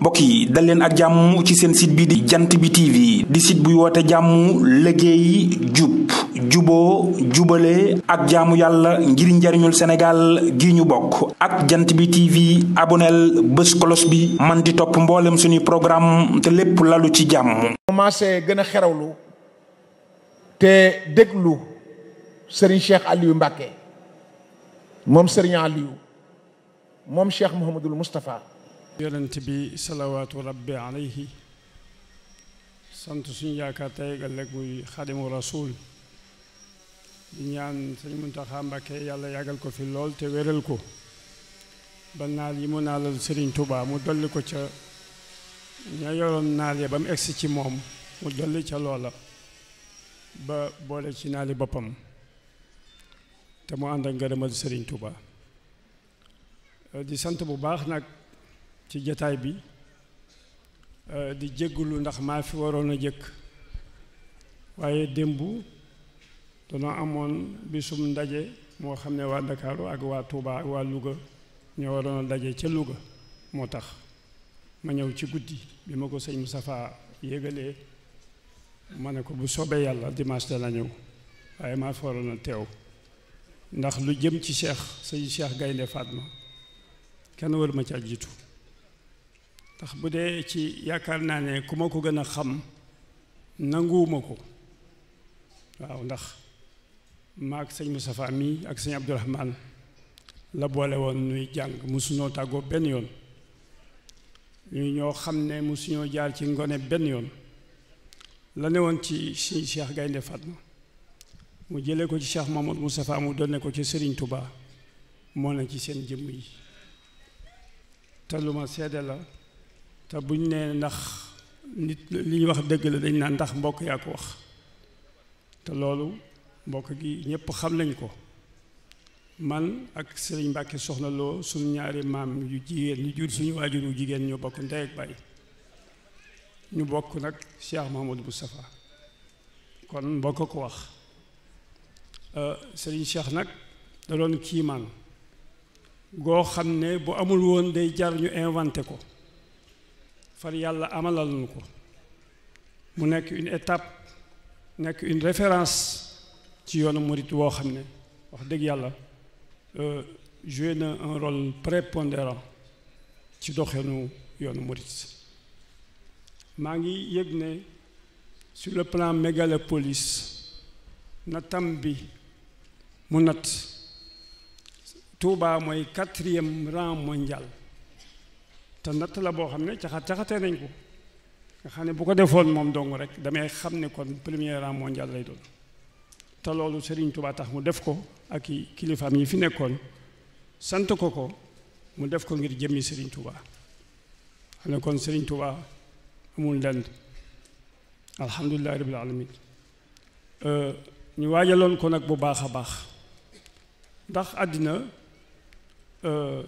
mbokk yi dal leen ak jàmm ci seen site bi di jant bi TV di site buy woote jàmm liggéey jub juboo jubale ak jaamu yàlla ngir njariñul Sénégal gi ñu bokk ak jant bi TV aboneel bés kolos bi man di topp mboolem suñuy programme te lépp lalu ci jàmm. commencé gën a xerawlu te déglu Serigne Cheikh Aliou Mbacké moom Serigne Aliou moom Cheikh Mouhamadul Moustapha. yonent bi salawaatu rabbi alayhi sant suñu yaakaar tey ak ëllëg muy xadimu rasul di ñaan sëñ Muntaxa Mbàkke yàlla yàggal ko fi lool te wéral ko ba naal yi mu naalal sëriñ Tuubaa mu dolli ko ca ña yoroon naal ya ba mu egsi ci moom mu dolli ca loola ba boole ci naali boppam te mu ànd ak ngërëmal sëriñ Tuubaa di sant bu baax nag ci jataay bi euh, di jéggulu ndax maa fi waroon a jëkk waaye démb danoo amoon bisum ndaje moo xam ne waa Ndakaaru ak waa Tuuba ak waa Luga ñoo waroon a daje ca Luga moo tax ma ñëw ci guddi bi ma ko sëñ Moustapha yégalee ma ne ko bu soobee yàlla dimanche dana ñëw waaye maa fi waroon a teew ndax lu jëm ci Cheikh sëñ Cheikh Gaynde Fatma kenn waru ma ca jiitu ndax bu dee ci yaakaar naa ne ku ma ko gën a xam nanguwuma ko waaw ndax ma ak sëñ Moustapha mii ak sëñ Abdourahman la boole woon nuy jàng musuñoo tàggoo benn yoon ñu ñoo xam ne musuñoo jaar ci ngone benn yoon la ne woon ci si Cheikh Gaynde Fatma mu jëlee ko ci Cheikh Mamadou Moustapha mu donne ko ci sëriñ Touba moo na ci seen jëmm yi te lu ma la te buñ nee ndax nit li ñuy wax dëgg la dañ naan ndax mbokk yaa ko wax te loolu mbokk gi ñépp xam nañ ko man ak sëriñ Mbàkke soxna loo suñu ñaari maam yu jigéen ñu jur suñu waajur wu jigéen ñoo bokk ndey ak baay ñu bokk nag Cheikh Mahamadou Moustapha kon mbokk wax euh, sëriñ Cheikh nag da doon kiimaan goo xam ne bu amul woon day jar ñu inventé ko far yalla amalal nu mu une étape nek une référence ci yoonu mouride wo xam ne wax dëgg yàlla euh, joué na un rôle prépondérant ci doxenu yoonu mouride maa ngi sur le plan mégalopolis natam bi mu nat Touba 4 quatrième rang mondial te natt la boo xam ne caxat caxatee nañ ko nga xam ne bu ko defoon moom dong rek damay xam ne kon premier rang mondial lay doon te loolu Serigne Touba tax mu def ko ak i kilifaam yi fi nekkoon sant ko ko mu def ko ngir jëmmi Serigne Touba xam ne kon Serigne Touba amul ndend alhamdulillahi rabbil alamin euh, ñu waajaloon ko nag bu baax a baax ndax àddina euh,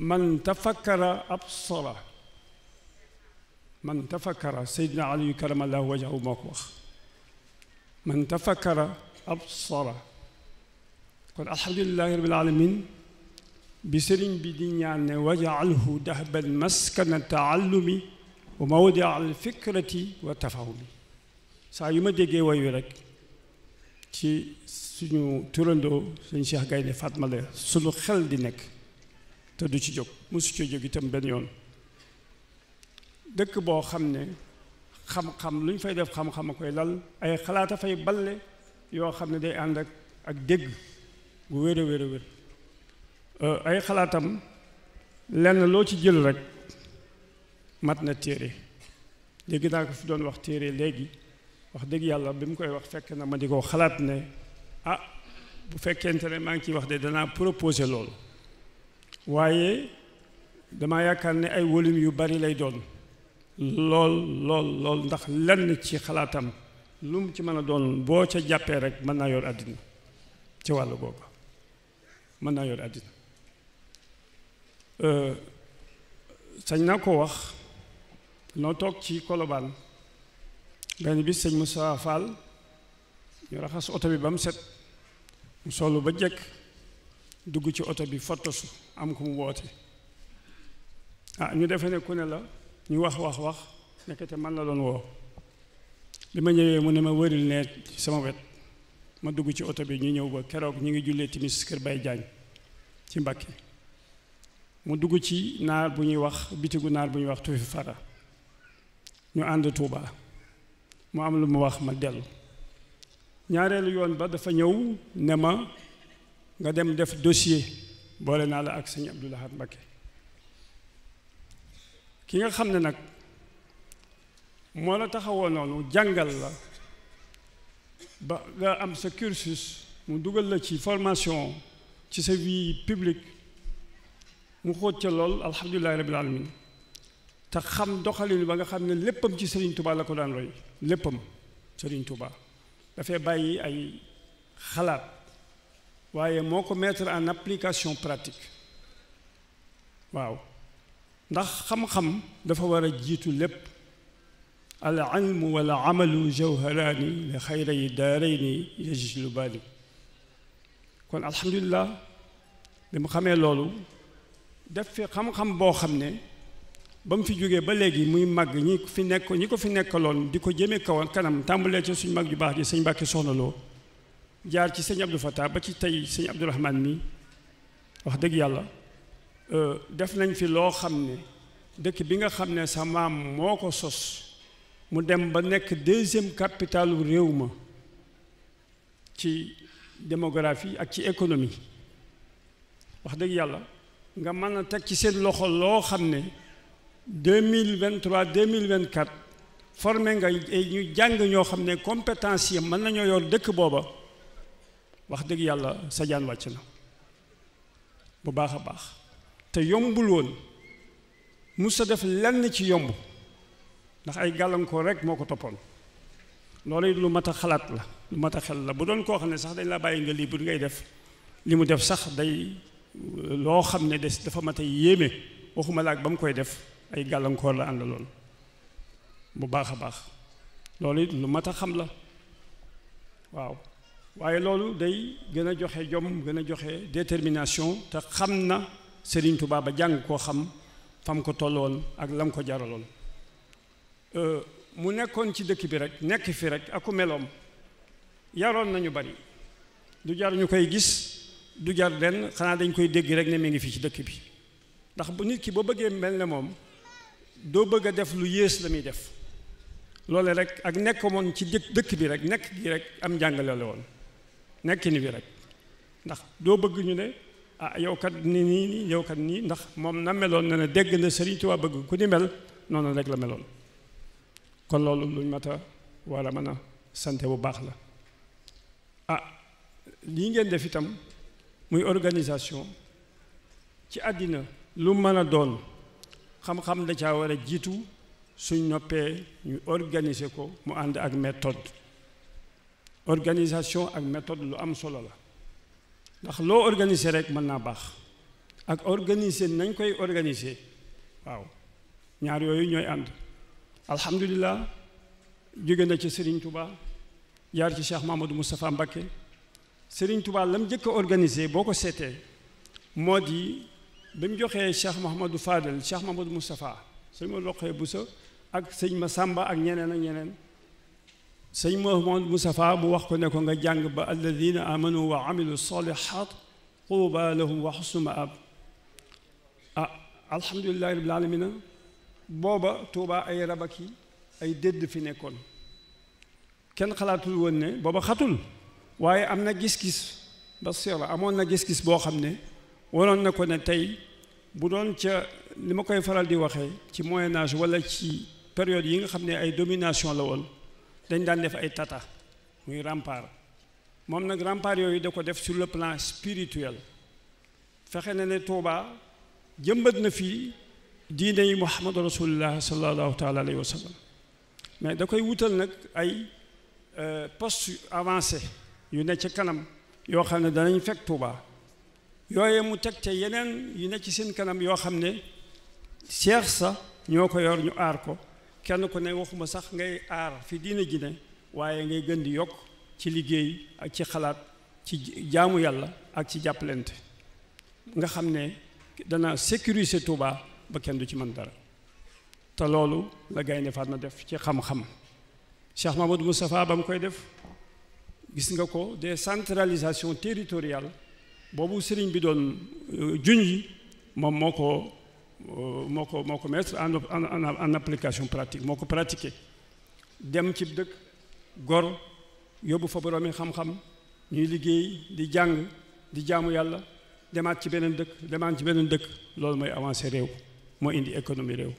من تفكر أبصر من تفكر سيدنا علي كرم الله وجهه مكوخ من تفكر أبصر قل الحمد لله رب العالمين بسرين بدنيا يعني وجعله دهب مسكن التعلم وموضع الفكرة والتفاهم سايما ديجي ويورك تي سنو تورندو سنشيخ غايني فاطمة سنو خل te du ci jóg mosu ci jóg itam benn yoon dëkk boo xam ne xam-xam lu ñu fay def xam-xam a koy lal ay xalaat a fay balle yoo xam ne day ànd ak dégg bu wér a wér euh, ay xalaatam lenn loo ci jël rek mat na téere léegi naa ko fi doon wax téere léegi wax dëgg yàlla bi mu koy wax fekk na ma di ko xalaat ne ah bu fekkente ne maa ngi ciy wax de danaa proposé loolu waaye dama yaakaar ne ay volume yu bari lay doon lool lool lool ndax lan ci xalaatam lu ci mën a doon boo ca jàppee rek mën naa yor àddina ci wàllu boobu mën naa yor àddina euh, sañ naa ko wax noo toog ci kolobaan benn bi sëñ Moussa Fall ñu raxas oto bi ba mu set mu solu ba jekk dugg ci oto bi fotosu am ku mu woote ah ñu defe ne kune la ñu wax wax wax nekkete man la doon woo bi ma ñëwee mu ne ma wëril ne sama wet ma dugg ci oto bi ñu ñëw ba keroog ñu ngi jullee timis kër bay Diagne ci Mbàkke mu dugg ci naar bu ñuy wax bitigu naar bu ñuy wax tufi fara ñu ànd Tuuba mu am lu mu wax ma dellu ñaareelu yoon ba dafa ñëw ne ma nga dem def dossier boole naa la ak sëñ Abdou Lahad ki nga xam ne nag moo la taxawoon noonu jàngal la ba nga am sa cursus mu dugal la ci formation ci sa vie publique mu xóot ca lool alhamdulilahi rabbil alamin te xam doxalin ba nga xam ne léppam ci Serigne Touba la ko daan roy léppam Serigne Touba dafay bàyyi ay xalaat waaye moo ko mettre en application pratique waaw ndax xam-xam dafa war a jiitu lépp al ilmu wal amalu jawharaani li xayra yi daarayni yajlubaani kon alhamdulilah bi mu xamee loolu def fi xam-xam boo xam ne ba mu fi jógee ba léegi muy màgg ñi fi nekk ñi ko fi nekkaloon di ko jëmee kawoon kanam tàmbalee ci suñ mag ju baax ji sëñ Mbàkke Soxna Lo jaar ci sëñ Abdou Fattah ba ci tey sëñ Abdou Rahman mi wax dëgg yàlla euh, def nañ fi loo xam ne dëkk bi nga xam ne sa maam moo ko sos mu dem ba nekk deuxième capitale réew ma ci démographie ak ci économie wax dëgg yàlla nga mën a teg ci seen loxo loo xam ne deux mille vingt trois deux mille vingt quatre formé nga ñu jàng ñoo xam ne compétence mën nañoo yor dëkk booba wax dëgg yàlla sa wàcc na bu baax a baax te yombul woon mu sa def lenn ci yomb ndax ay gàllankoor rek moo ko toppoon loolu lu mat a xalaat la lu mat xel la bu doon koo xam ne sax dañ la bàyyi nga lii bu ngay def li mu def sax day loo xam ne des dafa mat a yéeme waxuma laag ba mu koy def ay gàllankoor la àndaloon bu baax a baax loolu it lu mat a xam la waaw waye lolou day gëna joxe jom gëna joxe détermination te xamna Serigne Touba ba jàng ko xam fam ko tolloon ak lam ko euh mu nekkon ci dëkk bi rek nekk fi rek aku melom yaron nañu bari du jar ñukay gis du jar lenn xana dañ koy dégg rek ne mi ngi fi ci dëkk bi ndax bu nit ki bo bëggee melne mom do bëgg def lu yées lamuy def lolé rek ak nekkomon ci dëkk bi rek nekk gi rek am jàngale la woon nekkin bi rek ndax doo bëgg ñu ne ah yow kat ni nii nii yow kat nii ndax moom na meloon na ne dégg na Sëriñ Tuubaa bëgg ku ni mel noonu rek la meloon kon loolu luñ mat a war a mën a sante bu baax la ah lii ngeen def itam muy organisation ci àddina lu mën a doon xam-xam da caa war a jiitu suñ noppee ñu organiser ko mu ànd ak méthode organisation ak méthode lu am solo la ndax loo organiser rek mën naa baax ak organiser nañ koy organiser waaw ñaar yooyu ñooy ànd alhamdulilah jóge na ci Serigne Touba yar ci Cheikh Mamadou Moustapha Mbacké Serigne Touba lam mu organiser boo ko seetee moo di bi mu joxee Cheikh Mouhamadou Fadel Cheikh Mamadou Moustapha sëñ ma loqee bu sa ak Serigne ma ak ñeneen ak ñeneen سيد محمد مصطفى مو وقت نكون جانج الذين آمنوا وعملوا الصالحات قوبا لهم وحسن مآب الحمد لله رب العالمين بابا توبا أي ربكي أي دد في نكون كان خلاتو ونه بابا خاتون واي أمنا جسكيس بس يلا أمنا جسكيس بوا خمنة ولن نكون تاي بدون تا نمكوا يفعل دي وخي تي موينج ولا تي période يين خمنة أي دومينشون لول dañ daan def ay tata muy rempart moom nag rempart yooyu da ko def sur le plan spirituel fexe na ne Touba jëmbat na fii diine yi Muhammadu rasulullah sallallahu taala alayhi wa sallam mais da koy wutal nag ay poste avancé yu ne ci kanam yoo xam ne danañ fekk Touba yooye mu teg te yeneen yu ne ci seen kanam yoo xam ne seex sa ñoo ko yor ñu aar ko kenn ku ne waxuma sax ngay aar fi diina ji ne waaye ngay gën di yokk ci liggéey ak ci xalaat ci jaamu yàlla ak ci jàppalante nga xam ne dana sécuriser Touba ba kenn du ci mën dara te loolu la Gaynde na def ci xam-xam Cheikh Mahmoud Moustapha ba mu koy def gis nga ko de centralisation territoriale boobu sëriñ bi doon euh, juñ yi moom moo ko Euh, moo ko moo ko mettre en en application pratique moo ko pratiquer dem ci dëkk gor yóbbu fa boroomi xam-xam ñuy liggéey di jàng di jaamu yàlla demaat ci beneen dëkk demaan ci beneen dëkk loolu mooy avancé réew moo indi économie réew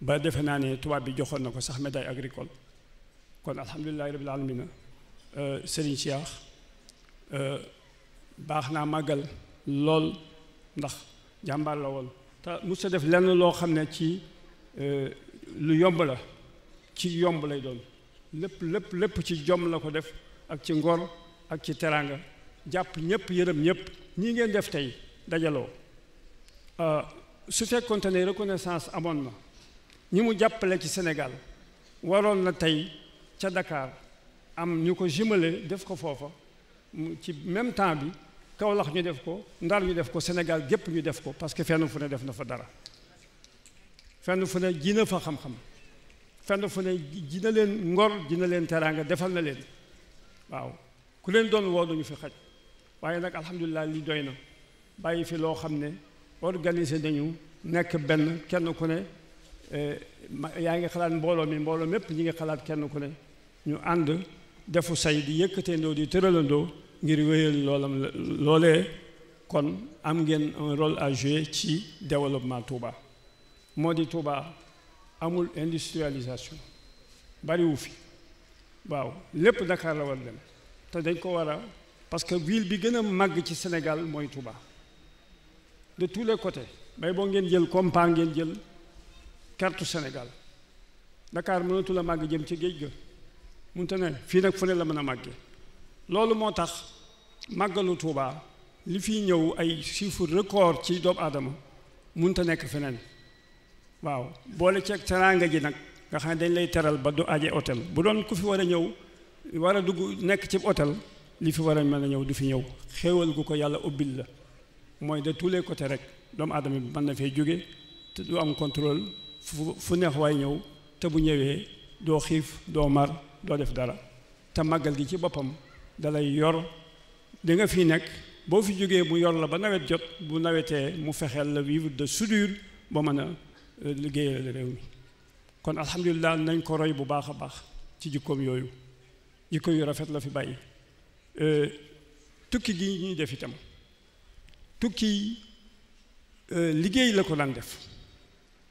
ba defe naa ne tubaab bi joxoon na ko sax médaille agricole kon alhamdulilahi rabil alamina euh, Serigne Cheikh euh, baax naa màggal lool ndax jàmbaar la woon te mos a def lenn loo xam ne ci euh, lu yomb la ci yomb lay doon lépp lépp lépp ci jom la ko def ak ci ngor ak ci teraanga jàpp ñëpp yërëm ñëpp ñi ngeen def tey dajaloo su fekkoonte ne reconnaissance amoon na ñi mu jàppale ci Sénégal waroon na tey ca Dakar am ñu ko jumale def ko foofa ci même temps bi Kaolack ñu def ko Ndar ñu def ko Sénégal gépp ñu def ko parce que fenn fu ne def na fa dara fenn fu ne ji na fa xam-xam fenn fu ne ji na leen ngor ji na leen teraanga defal na leen waaw ku leen doon woo duñu fi xaj waaye nag alhamdulilah li doy na bàyyi fi loo xam ne organiser nañu nekk benn kenn ku ne yaa ngi xalaat mbooloo mi mbooloo mépp ñi ngi xalaat kenn ku ne ñu ànd defu say di yëkkateendoo di tëralandoo ngir wéyal loolam loolee kon am ngeen un rôle à jouer ci développement Touba moo di Touba amul industrialisation bariwu fi waaw lépp Dakar la war dem te dañ ko war a parce que ville bi gën a màgg ci Sénégal mooy Touba de tous les côtés bay boo ngeen jël compas ngeen jël carte Sénégal ndakaar mënatul a màgg jëm ci géej ga mënta ne fii nag fu ne la mën a màggee loolu motax magalu touba li fi ñëw ay chiffre record ci doom adam munta nek fenen waaw boole ceeg teranga ji nak nga xam dañ lay teral ba du aje hôtel bu doon ku fi wara ñëw wara dug nek ci hôtel li fi wara meena ñëw du fi ñëw xewal gu ko yàlla ubil la moy de tous les côtés rek doom aadama bi na fe jóge te du am contrôle fu neex way ñëw te bu ñewé do xif do mar do def dara ta magal gi ci bopam dalay yor di nga fi nekk boo fi jógee mu yor la ba nawet jot bu nawetee mu fexeel la vivre de soudure ba mën a euh, liggéeyal réew mi kon alhamdulilah nañ ko roy bu baax a baax ci jikkoom yooyu jikko yu rafet la fi bàyyi euh, tukki gi ñuy def itam tukki euh, liggéey la ko daan def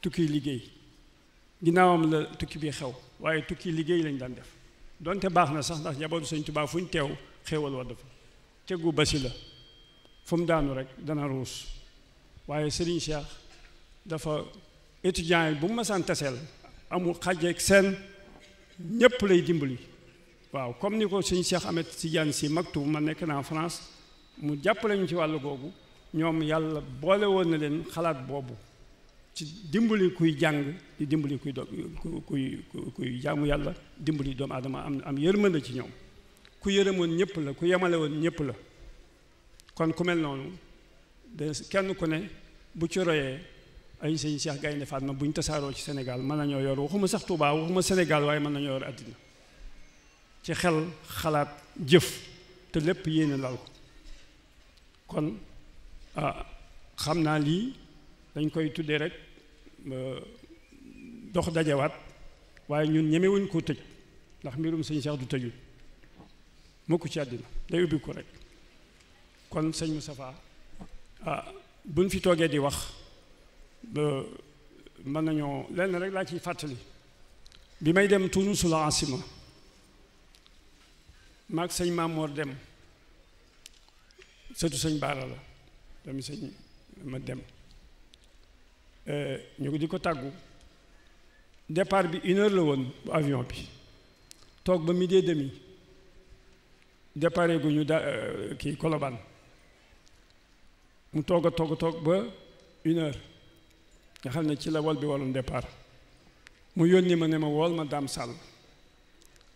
tukki liggéey ginnaawam la tukki bi xew waaye tukki liggéey lañ daan def donte baax na sax ndax njabootu sëñ Tuubaa fu ñu teew xéewal wadd fa tegu basi la fu mu daanu rek dana ruus waaye Serigne Cheikh dafa étudiant yi bu mu masaan taseel amul xajeek seen ñépp lay dimbali waaw comme ni ko sëñ Cheikh si Tidiane si Maktoum ma nekk naa France mu jàpp ñu ci wàll googu ñoom yàlla boole woon na leen xalaat boobu ci kuy jàng di dimbali kuy do kuy kuy jaamu yàlla dimbali doomu aadama am am yërmande ci ñoom ku yërëmoon ñëpp la ku yemale woon ñëpp la kon ku mel noonu de kenn ku ne bu ci royee añ sëñ Cheikh Gaynde Fatma bu ñu tasaaroo ci Sénégal mën na nañoo yor waxuma sax Touba waxuma Sénégal waaye mën nañoo yor àddina ci xel xalaat jëf te lépp yéene lal ko kon ah, xam naa lii dañ koy tuddee rek dox dajawaat waaye ñun ñemewuñ koo tëj ndax mbirum sëñ Cheikh du tëju mukk ci àddina day ubbi ko rek kon sëñ Moustapha ah buñ fi toogee di wax ba mën nañoo lenn rek laa ciy fàttali bi may dem Tunis la asima maag sëñ Maamoor dem sëtu sëñ Baara la dami sëñ ma dem ñu di ko tàggu départ bi une heure la woon bu avion bi toog ba midi et demi départ gu ñu da euh, kii Colobane mu toog a toog toog ba une heure nga xam ne ci la wal bi waloon départ mu yónni ma ne ma wol ma daam sàll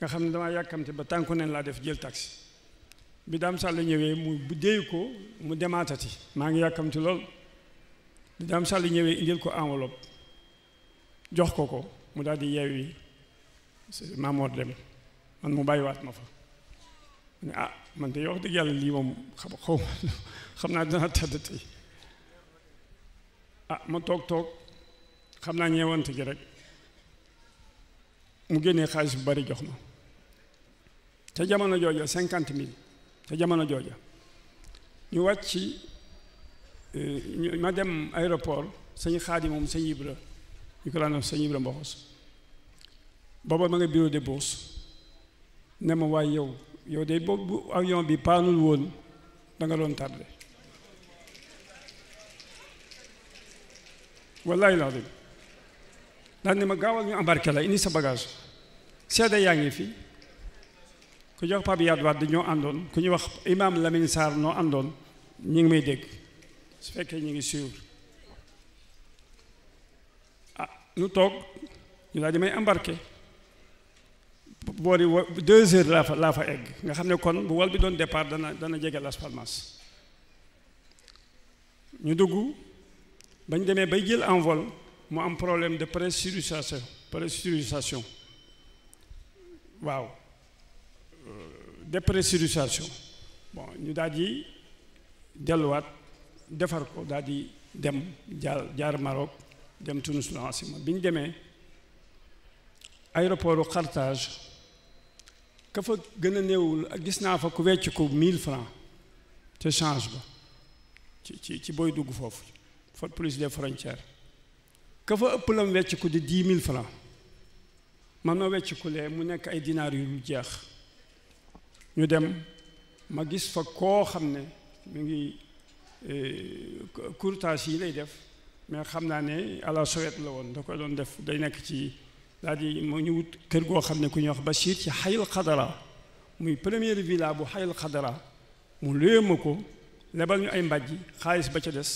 nga xam ne damaa yàkkamte ba tànku neen laa def jël taxi bi daam sàll ñëwee mu déy ko mu demaatati maa ngi yàkkamti lool daam sàll ñëwee indil ko enveloppe jox ko ko mu daal di yeewi maamoor dem man mu bàyyiwaat ma fa ne ah man de wax dëgg yàlla lii moom xam xaw xam naa dana tedd tey ah ma toog toog xam naa ñeewante ji rek mu génnee xaalis bu bari jox ma te jamono jooja cinquante mille te jamono jooja ñu wàcc Euh, ma dem aéroport sëñ Xaadim moom sëñ Ibra ñu ko daan def sëñ Ibra Mboxos booba ma nga bureau de bourse ne ma yow yow de boobu avion bi paanul woon da nga doon tardé wallaay laa dem daan ne ma gaawal ñu embarqué la indi sa bagage seede yaa ngi fi ku jox Pape Yade Wade ñoo àndoon ku ñu wax Imam Lamine Sarr noo àndoon ñu ngi may dégg Nous fekkee nous ngi ah, embarqué deux heures laa fa laa fa egg nga départ Las Palmas ñu bañ en vol problème de pressurisation pressurisation waaw euh, dépressurisation bon ñu daal defar ko daal dem jaar jaar Maroc dem Tunis la bi ñu demee aéroport u Carthage ka fa gën a néewul gis naa fa ku wecc ko mille francs te change ba ci ci ci booy dugg foofu fa police des frontières ka fa ëpp lam wecc ko di dix mille francs man ma wecc ko lee mu nekk ay dinaar yu jeex ñu dem ma gis fa koo xam ne mu ngi Euh, courtage yi lay def mais xam naa ne à la la woon da koy doon def day nekk ci daal di mu ñu wut kër goo xam ne ku ñuy wax Bachir ci xayul xadara muy première villa bu xayul xadara mu luye ma ko lebal ñu ay mbàjj xaalis ba ca des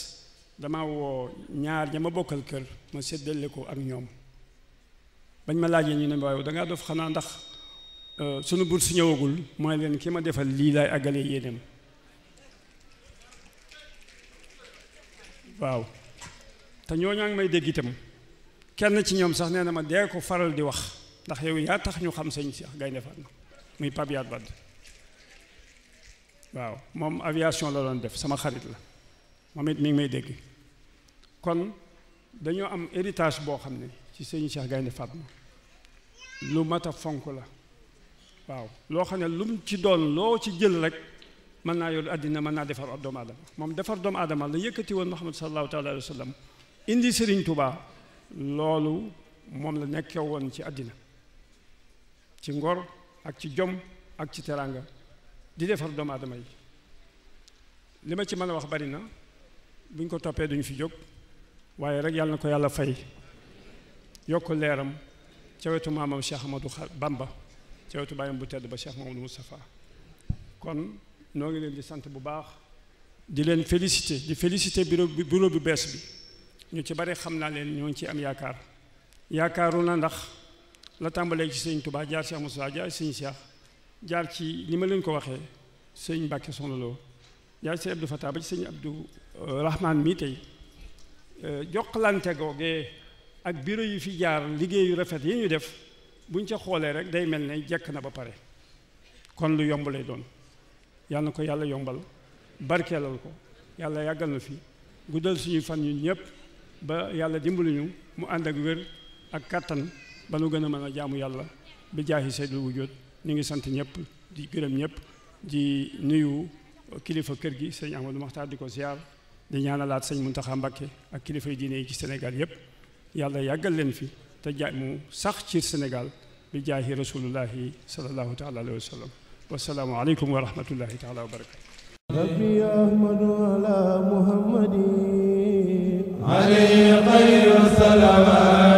dama woo ñaar ña ma bokkal kër ma seddale ko ak ñoom bañ ma laajee ñu ne waaye dangaa dof xanaa ndax euh, sunu si ñëwagul mooy leen ki ma defal lii laay àggalee yéenem waaw te ñooñu ngi may dégg itam kenn ci ñoom sax nee na ma dee ko faral di wax ndax yow yaa tax ñu xam sëñ Cheikh Gaynde Fatma muy Pabiat Bad waaw moom aviation la doon def sama xarit la moom it mi ngi may dégg kon dañoo am héritage boo xam ne ci sëñ Cheikh Gaynde Fatma lu mat a fonk la waaw loo xam ne lu ci doon loo ci jël rek. mën naa yor àddina mën naa defar doomu aadama moom defar doomu aadama la yëkkati woon Muhammad sallallahu taala alayhi wa sallam indi Serigne Touba loolu moom la nekkee woon ci àddina ci ngor ak ci jom ak ci teraanga di defar doomu aadama yi li ma ci mën a wax bari na bu ko toppee duñu fi jóg waaye rek yàlla na ko yàlla fay yokk leeram ca wetu maamam Cheikh Amadou Bamba ca wetu bàyyam bu tedd ba Cheikh Mamadou Moustapha kon noo ngi leen di sant bu baax di leen félicité di félicité bureau bi bureau bu bees bi ñu ci bari xam naa leen ñoo ngi ci am yaakaar yaakaaru na ndax la tàmbalee ci sëñ Touba jaar Cheikh Moussa jaar sëñ Cheikh jaar ci ni ma leen ko waxee sëñ Mbàkke Soxna Lo jaar ci Abdou Fatah ba ci sëñ Abdou euh, Rahman mii tey euh, jokkalante googee ak bureau yi fi jaar liggéeyu rafet yi ñu def buñ ca xoolee rek day mel ne jekk na ba pare kon lu yomb lay doon yàlla na ko yàlla yombal barkeelal ko yàlla yàggal na fi guddal suñuy fan ñun ñëpp ba yàlla dimbali ñu mu ànd ak wér ak kàttan ba nu gën a mën a jaamu yàlla bi jaahi seydul wujud ñu ngi sant ñëpp di gërëm ñëpp di nuyu kilifa kër gi sëñ Ahmadou Maxtaar di ko ziar di ñaanalaat sëñ Muntaxa Mbakke ak kilifa yi diine yi ci senegal yëpp yàlla yàggal leen fi te jaay mu sax ci Sénégal bi jaahi rasulullahi sallallahu taala alayhi wa sallam والسلام عليكم ورحمة الله تعالى وبركاته ربي أحمد على محمد عليه خير الصلوات